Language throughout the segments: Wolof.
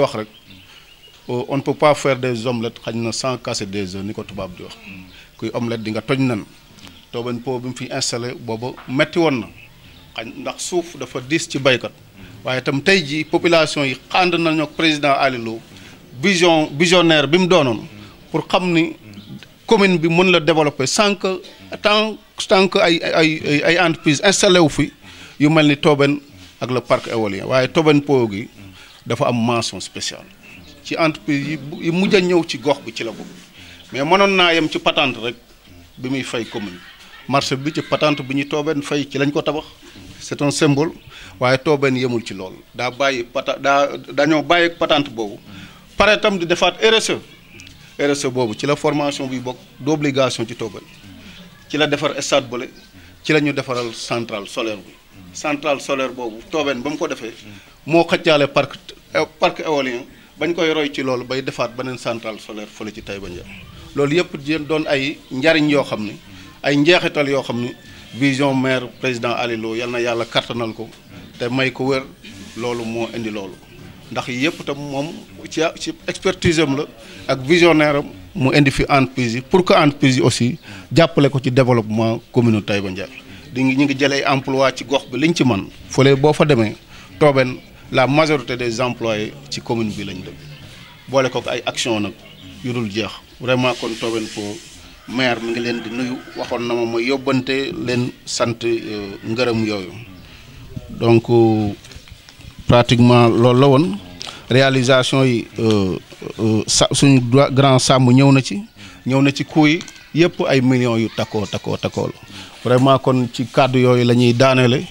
wax rek euh, on ne peut pas faire des omelettes xañ na sans casser des œufs ni ko tubaab di wax kuy omelette di nga toj nan toobañ po bi mu fi installé booba metti woon na xañ ndax suuf dafa diis ci baykat waaye itam tey jii population yi xànd nañu ak président Aliou Lo vision bi mu doonoon pour xam ni commune bi mën la développer sans que tant ay ay ay entreprise installé wu fi yu mel ni tooben ak le parc éolien waaye tooben po gi dafa am mention spéciale ci entreprise yi mujj a ñëw ci gox bi ci la bokk mais manoon naa yem ci patante rek bi muy fay commune marché bi ci patante bi ñu toobeen fay ci lañ ko tabax c'est un symbole waaye toobeen yemul ci lool daa bàyyi pata daa dañoo bàyyi patente boobu pare itam di defaat RSE RSE boobu ci la formation bi bokk obligation ci toobeen ci la defar stade bole ci la ñu defaral centrale solaire bi centrale solaire boobu toobeen ba mu ko defee Euh, parc éolien bañ koy roy ci loolu bay defaat beneen centrale solaire fële ci Taïba Ndiaye loolu yëpp jéem doon ay njariñ yoo xam ni ay njeexital yoo xam ni vision maire président Alilo yal na yàlla kattanal ko te may ko wér loolu moo indi loolu ndax yëpp tam moom ci ci expertise am la ak visionnaire am mu indi fi entreprise yi pour que entreprise yi aussi jàppale ko ci développement commune Taïba Ndiaye di ñu ngi jëlee emploi ci gox bi liñ ci man fële boo fa demee tooben la majorité des employés ci commune bi lañu dëkk boole ko ko ay action nag yu dul jeex vraiment kon tooben ko maire mi ngi leen di nuyu waxoon na ma ma yóbbante leen sant euh, ngërëm yooyu donc euh, pratiquement loolu la woon réalisation yi euh, sa suñu grand sàmm ñëw na ci ñëw na ci kuy yëpp ay millions yu takkoo takkoo takkoo la vraiment kon ci kàddu yooyu la daaneele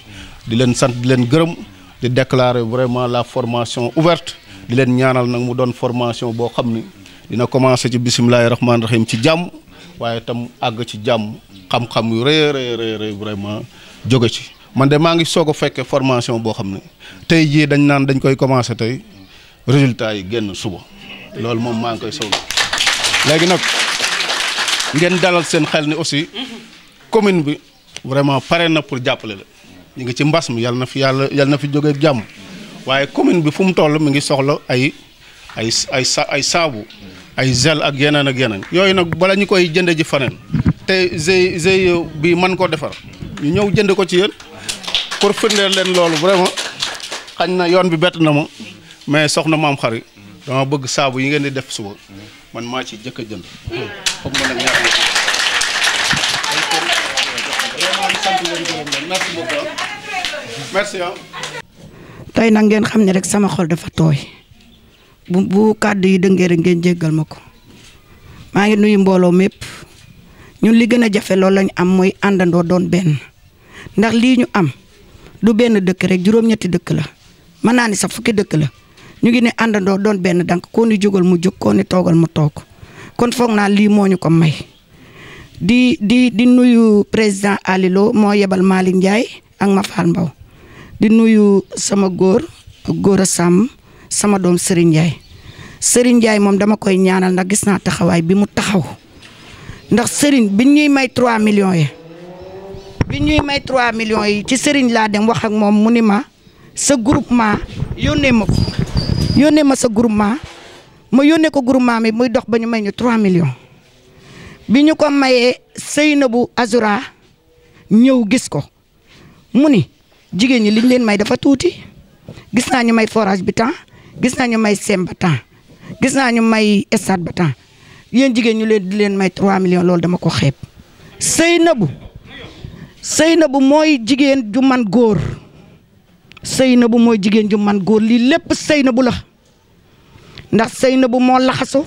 di leen sant di leen gërëm di déclarer vraiment la formation ouverte di leen ñaanal nag mu doon formation boo xam ni dina commencé ci bisimilahi rahmaani rahim ci jàmm waaye tam àgg ci jàmm xam-xam yu rëy rëy vraiment jóge ci man de maa ngi soog a fekkee formation boo xam ne tey jii dañ naan dañ koy commencé tey résultat yi génn suba loolu moom maa ngi koy soog léegi nag ngeen dalal seen xel ni aussi commune bi vraiment pare na pour jàppale la. ñu ngi ci mbas mi yàlla na fi yàlla yàlla na fi jóge jàmm waaye commune bi fu mu toll mi ngi soxla ay ay ay sa ay saabu ay gel ak yeneen ak yeneen yooyu nag bala ñu koy jënd ji faneen te GIE GIE bi man koo defar ñu ñëw jënd ko ci yéen pour firndeel leen loolu vraiment xañ na yoon bi bett na ma mais soxna maam xari dama bëgg saabu yi ngeen di def suba man maa ci jëkk a jënd tey nag ngeen xam ne rek sama xol dafa tooy bu bu kàddu yi dëngee rek ngeen jéggal ma ko maa ngi nuyu mbooloo mépp ñun li gën a jafe lool lañu am mooy àndandoo doon benn ndax lii ñu am du benn dëkk rek juróom-ñetti dëkk la mën naa ni sax fukki dëkk la ñu ngi ne àndandoo doon benn dank koo ni jógal mu jóg koo ni toogal mu toog kon foog naa lii moo ñu ko may di di di nuyu président Alilo moo yebal Malick Ndiaye ak Mafal Mbaw di nuyu sama góor góor a sàmm sama doom Serigne Ndiaye Serigne Ndiaye moom dama koy ñaanal ndax gis naa taxawaay bi mu taxaw ndax Serigne bi ñuy may 3 millions yi bi ñuy may 3 millions yi ci Serigne laa dem wax ak moom mu ni ma sa groupement yónnee ma ko yónnee ma sa groupement ma yónnee ko groupement mi muy dox ba ñu may ñu 3 millions bi ñu ko mayee sëyina bu Azura ñëw gis ko mu ni jigéen ñi liñ leen may dafa tuuti gis naa ñu may forage bi temps gis naa ñu may sem ba gis naa ñu may stade ba temps yéen jigéen ñu leen di leen may 3 millions loolu dama ko xeeb. Seynabu Seynabu mooy jigéen ju man góor Seynabu mooy jigéen ju man góor lii lépp Seynabu la ndax Seynabu moo laxasu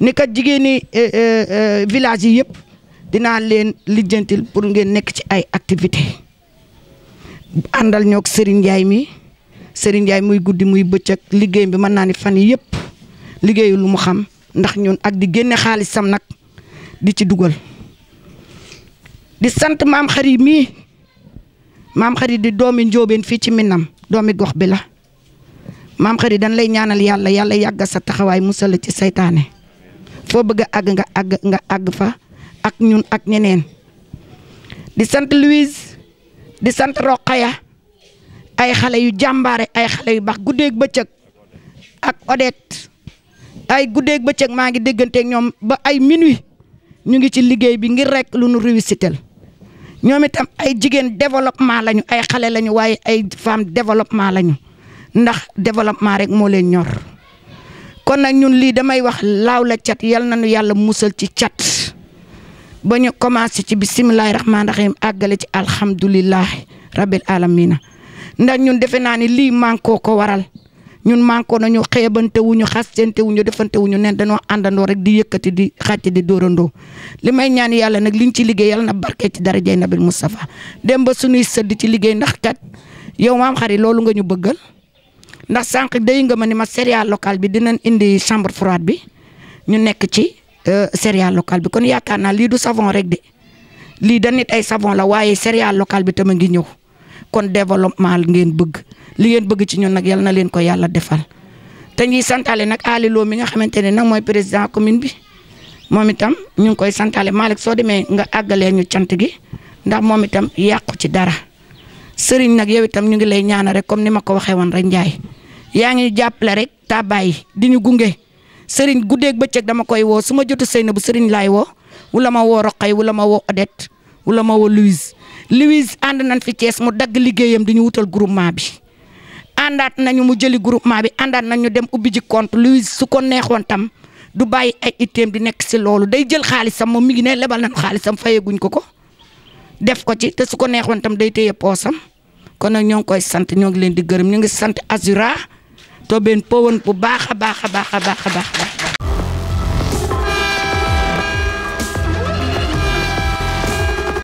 ni kat jigéen ñi eh, eh, eh, village yi yëpp dinaa leen lijjantil pour ngeen nekk ci ay activité àndal ñoog Serigne Ndiaye mi Serigne Ndiaye muy guddi muy bëccëg liggéey bi mën naa ne fan yii yëpp liggéeyu lu mu xam ndax ñun ak di génne xaalisam nag di ci dugal di sant maam xari mii maam xari di doomi njóobeen fii ci Minam doomi gox bi la maam xari dañ lay ñaanal yàlla yàlla yàgga sa taxawaay musal ci seytaane foo bëgg a àgg nga àgg nga àgg fa ak ñun ak ñeneen di sant Louise di sant Roqaya ay xale yu jàmbaare ay xale yu baax guddeeg bëccëg ak Odette ay guddeeg bëccëg maa ngi dégganteeg ñoom ba ay minuit ñu ngi ci liggéey bi ngir rek lu nu réussitel ñoom itam ay jigéen développement lañu ay xale lañu waaye ay femme développement lañu ndax développement rek moo leen ñor kon nag ñun lii damay wax laaw la cat yal na nu yàlla musal ci cat. ba ñu commencé ci bisimilahi rahmaani rahim àggale ci alhamdulilahi rabil alamina ndax ñun defe naa ni lii mankoo ko waral ñun mànkoo nañu xeebante wu ñu xasante nen dañoo àndandoo rek di yëkkati di xàcc di dóorandoo li may ñaan yàlla nag liñ ci liggéey yàlla na barke ci darajay nabil Moustapha dem ba suñuy sëdd ci liggéey ndax kat yow maam xari loolu nga ñu bëggal ndax sànq day nga ma ni ma céréale locale bi dina indi chambre froide bi ñu nekk ci. Euh, céréale locale bi kon yaakaar naa lii du savon rek de lii da nit ay savon la waaye céréale locale bi tam a ngi ñëw kon développement ngeen bëgg li ngeen bëgg ci ñun nag yal na leen ko yàlla defal te ñuy santaale nag aliloo mi nga xamante ne nag mooy président commune bi moom itam ñu ngi koy santaale Malick soo demee nga àggalee ñu cant gi ndax moom itam yàqu ci dara sëriñ nag yow itam ñu ngi lay ñaana rek comme ni ma ko waxee woon rek Ndiaye yaa ngi jàppale gunge sëriñ guddeeg bëccëg dama koy woo su ma jotu na bu sëriñ laay woo wala ma woo Roqay wala ma woo Odette wala ma woo Louise Louise ànd nañ fi Thiès mu dagg liggéeyam di ñu wutal groupement bi àndaat nañu mu jëli groupement bi àndaat nañu dem ubbi ji compte Louise su ko neexoon tam du bàyyi ay iteem di nekk si loolu day jël xaalisam moom mi ngi ne lebal nañu xaalisam fayeguñ ko ko def ko ci te su ko neexoon tam day téye poosam kon nag ñoo ngi koy sant ñoo ngi leen di gërëm ñu ngi sant Azura to ɓen powon ko baax a baax a baax a baax a baax